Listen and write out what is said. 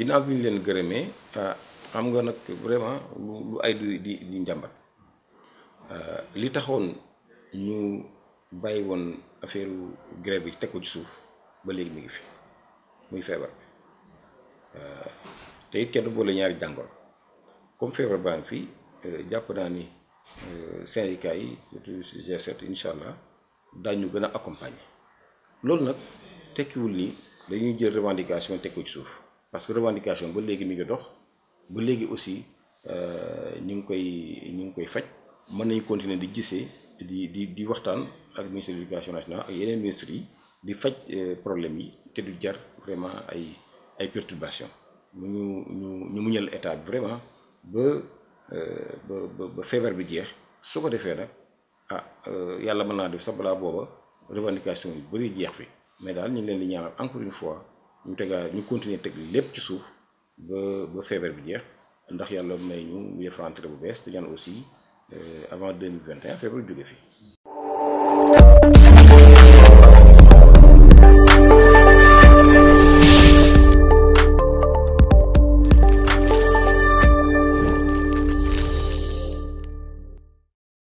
ginnaaw bi ñu leen gërëmee ah, am nga nag vraiment lu ay di di njàmbat ah, li taxoon ñu bàyyi woon affaire grève bi teg ci suuf ba léegi mi ngi fi muy feebar bi ah, te it kenn boole ñaari jàngoro comme feebar baa ngi fi eh, jàpp naa ni eh, syndicat yi surtout G7 incha allah daañu gën a accompagner loolu nag tekkiwul ni dañuy jël revendication teg ci suuf. parce que revendication ba légui mi ngi dox ba légui aussi euh, ñu ngi koy ñu ngi koy faj mën nañu continuer di gissé di di di waxtaan ak ministère de l'éducation nationale ak yeneen ministres yi di faj euh, problème yi te du jar vraiment ay ay perturbations ñu ñu ñu muñal état bi vraiment ba euh ba ba feebar bi jeex su ko defee nag ah euh, yàlla mën naa def sa bla boba revendication yi bari jeex fi mais dal ñu leen di ñaanal encore une fois. ñu tegaa ñu continuer teg lépp ci suuf ba ba feebar bi jeex ndax yàlla may ñu mu def rentrée bu bees te ñaan aussi euh, avant 2021 feebar bi jóge fi